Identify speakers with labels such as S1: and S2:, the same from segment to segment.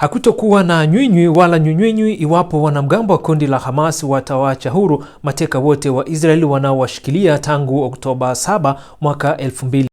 S1: Hakutokuwa na nywinywi wala nywinywinywi iwapo wanamgambo wa kundi la Hamas watawaacha huru mateka wote wa Israeli wanaowashikilia tangu Oktoba 7 mwaka 2000.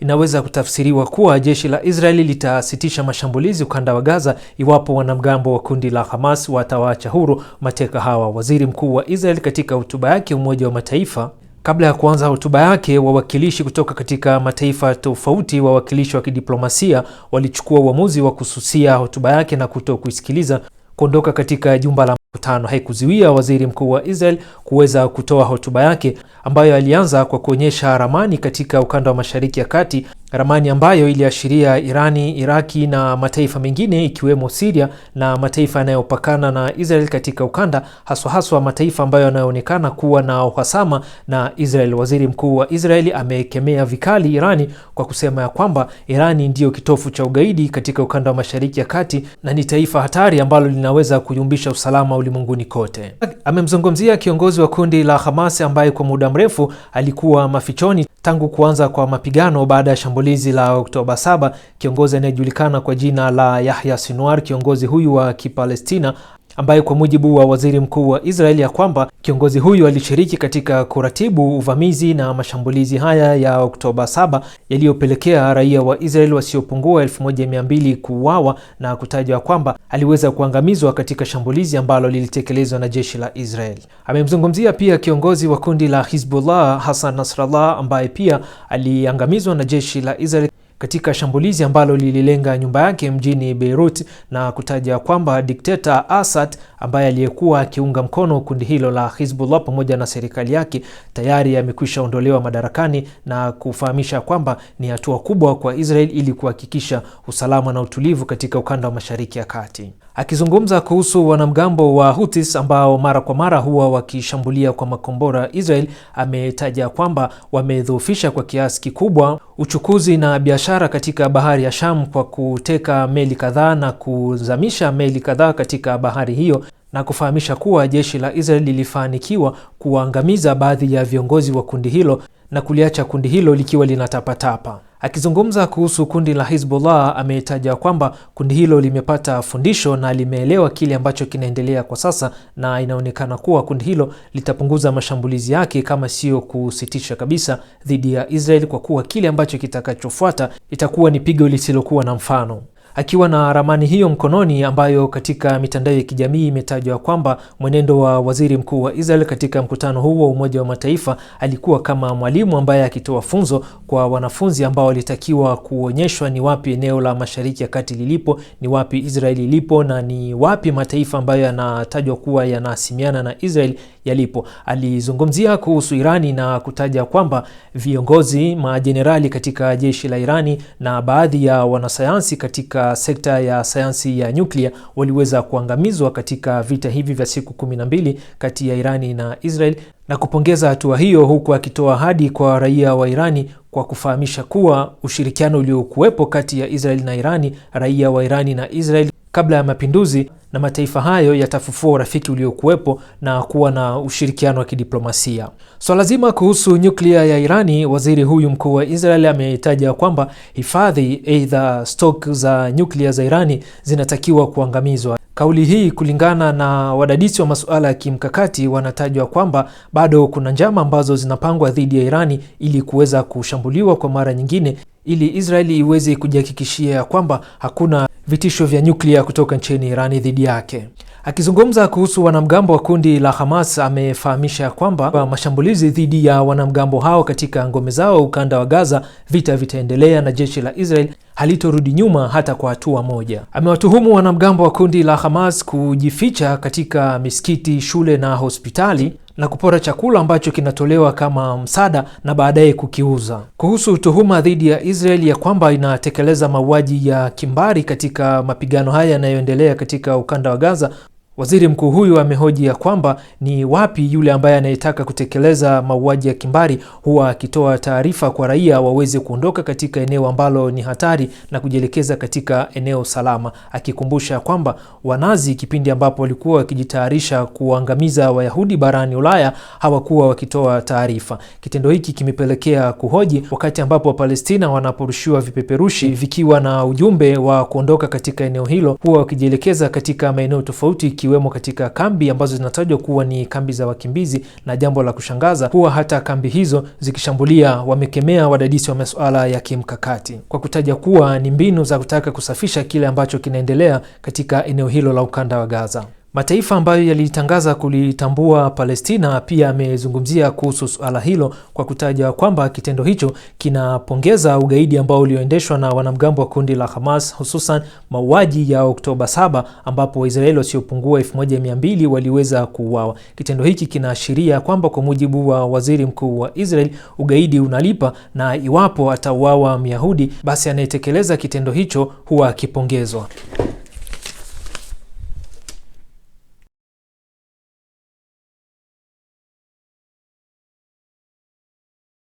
S1: Inaweza kutafsiriwa kuwa jeshi la Israeli litasitisha mashambulizi ukanda wa Gaza iwapo wanamgambo wa kundi la Hamas watawaacha huru mateka hawa. Waziri Mkuu wa Israeli katika hotuba yake Umoja wa Mataifa Kabla ya kuanza hotuba yake, wawakilishi kutoka katika mataifa tofauti, wawakilishi wa kidiplomasia walichukua uamuzi wa kususia hotuba yake na kuto kuisikiliza, kuondoka katika jumba la mkutano. Haikuzuia waziri mkuu wa Israel kuweza kutoa hotuba yake ambayo alianza kwa kuonyesha ramani katika ukanda wa Mashariki ya Kati ramani ambayo iliashiria Irani, Iraki na mataifa mengine ikiwemo Siria na mataifa yanayopakana na Israel katika ukanda, haswa haswa mataifa ambayo yanayoonekana kuwa na uhasama na Israel. Waziri mkuu wa Israeli amekemea vikali Irani kwa kusema ya kwamba Irani ndiyo kitofu cha ugaidi katika ukanda wa Mashariki ya Kati na ni taifa hatari ambalo linaweza kuyumbisha usalama ulimwenguni kote. Amemzungumzia kiongozi wa kundi la Hamas ambaye kwa muda mrefu alikuwa mafichoni tangu kuanza kwa mapigano baada ya shambulio shambulizi la Oktoba 7, kiongozi anayejulikana kwa jina la Yahya Sinwar, kiongozi huyu wa Kipalestina ambaye kwa mujibu wa waziri mkuu wa Israel ya kwamba kiongozi huyu alishiriki katika kuratibu uvamizi na mashambulizi haya ya Oktoba 7 yaliyopelekea raia wa Israel wasiopungua 1200 kuuawa na kutajwa kwamba aliweza kuangamizwa katika shambulizi ambalo lilitekelezwa na jeshi la Israel. Amemzungumzia pia kiongozi wa kundi la Hizbullah Hassan Nasrallah ambaye pia aliangamizwa na jeshi la Israel katika shambulizi ambalo lililenga nyumba yake mjini Beirut na kutaja kwamba dikteta Assad ambaye aliyekuwa akiunga mkono kundi hilo la Hizbullah pamoja na serikali yake tayari yamekwisha ondolewa madarakani na kufahamisha kwamba ni hatua kubwa kwa Israel ili kuhakikisha usalama na utulivu katika ukanda wa Mashariki ya Kati. Akizungumza kuhusu wanamgambo wa Houthis ambao mara kwa mara huwa wakishambulia kwa makombora Israel, ametaja kwamba wamedhoofisha kwa kiasi kikubwa uchukuzi na biashara katika bahari ya Sham kwa kuteka meli kadhaa na kuzamisha meli kadhaa katika bahari hiyo na kufahamisha kuwa jeshi la Israel lilifanikiwa kuwaangamiza baadhi ya viongozi wa kundi hilo na kuliacha kundi hilo likiwa linatapatapa. Akizungumza kuhusu kundi la Hizbullah ametaja kwamba kundi hilo limepata fundisho na limeelewa kile ambacho kinaendelea kwa sasa, na inaonekana kuwa kundi hilo litapunguza mashambulizi yake kama sio kusitisha kabisa dhidi ya Israel, kwa kuwa kile ambacho kitakachofuata itakuwa ni pigo lisilokuwa na mfano. Akiwa na ramani hiyo mkononi ambayo katika mitandao ya kijamii imetajwa kwamba mwenendo wa waziri mkuu wa Israel katika mkutano huo wa Umoja wa Mataifa alikuwa kama mwalimu ambaye akitoa funzo kwa wanafunzi ambao walitakiwa kuonyeshwa ni wapi eneo la Mashariki ya Kati lilipo, ni wapi Israel ilipo na ni wapi mataifa ambayo yanatajwa kuwa yanahasimiana na Israel yalipo. Alizungumzia kuhusu Irani na kutaja kwamba viongozi majenerali katika jeshi la Irani na baadhi ya wanasayansi katika sekta ya sayansi ya nyuklia waliweza kuangamizwa katika vita hivi vya siku 12 kati ya Irani na Israel na kupongeza hatua hiyo, huku akitoa ahadi kwa raia wa Irani kwa kufahamisha kuwa ushirikiano uliokuwepo kati ya Israel na Irani, raia wa Irani na Israel kabla ya mapinduzi na mataifa hayo yatafufua urafiki uliokuwepo na kuwa na ushirikiano wa kidiplomasia. Swala so zima kuhusu nyuklia ya Irani, waziri huyu mkuu wa Israel ameitaja kwamba hifadhi aidha stok za nyuklia za Irani zinatakiwa kuangamizwa. Kauli hii kulingana na wadadisi wa masuala ya kimkakati wanatajwa kwamba bado kuna njama ambazo zinapangwa dhidi ya Irani ili kuweza kushambuliwa kwa mara nyingine, ili Israeli iweze kujihakikishia kwamba hakuna vitisho vya nyuklia kutoka nchini Irani dhidi yake. Akizungumza kuhusu wanamgambo wa kundi la Hamas amefahamisha kwamba kwa mashambulizi dhidi ya wanamgambo hao katika ngome zao ukanda wa Gaza, vita vitaendelea na jeshi la Israel halitorudi nyuma hata kwa hatua moja. Amewatuhumu wanamgambo wa kundi la Hamas kujificha katika misikiti, shule na hospitali na kupora chakula ambacho kinatolewa kama msaada na baadaye kukiuza. Kuhusu tuhuma dhidi ya Israel ya kwamba inatekeleza mauaji ya kimbari katika mapigano haya yanayoendelea katika ukanda wa Gaza, Waziri mkuu huyu amehoji ya kwamba ni wapi yule ambaye anayetaka kutekeleza mauaji ya kimbari huwa akitoa taarifa kwa raia waweze kuondoka katika eneo ambalo ni hatari na kujielekeza katika eneo salama, akikumbusha kwamba Wanazi kipindi ambapo walikuwa wakijitayarisha kuangamiza Wayahudi barani Ulaya hawakuwa wakitoa taarifa. Kitendo hiki kimepelekea kuhoji, wakati ambapo Wapalestina wanaporushiwa vipeperushi vikiwa na ujumbe wa kuondoka katika eneo hilo huwa wakijielekeza katika maeneo tofauti ikiwemo katika kambi ambazo zinatajwa kuwa ni kambi za wakimbizi, na jambo la kushangaza kuwa hata kambi hizo zikishambulia, wamekemea wadadisi wa masuala ya kimkakati kwa kutaja kuwa ni mbinu za kutaka kusafisha kile ambacho kinaendelea katika eneo hilo la ukanda wa Gaza. Mataifa ambayo yalitangaza kulitambua Palestina pia yamezungumzia kuhusu suala hilo kwa kutaja kwamba kitendo hicho kinapongeza ugaidi ambao ulioendeshwa na wanamgambo wa kundi la Hamas, hususan mauaji ya Oktoba 7 ambapo Waisraeli wasiopungua 1200 waliweza kuuawa. Kitendo hiki kinaashiria kwamba kwa mujibu wa waziri mkuu wa Israel, ugaidi unalipa na iwapo atauawa Myahudi, basi anayetekeleza kitendo hicho huwa akipongezwa.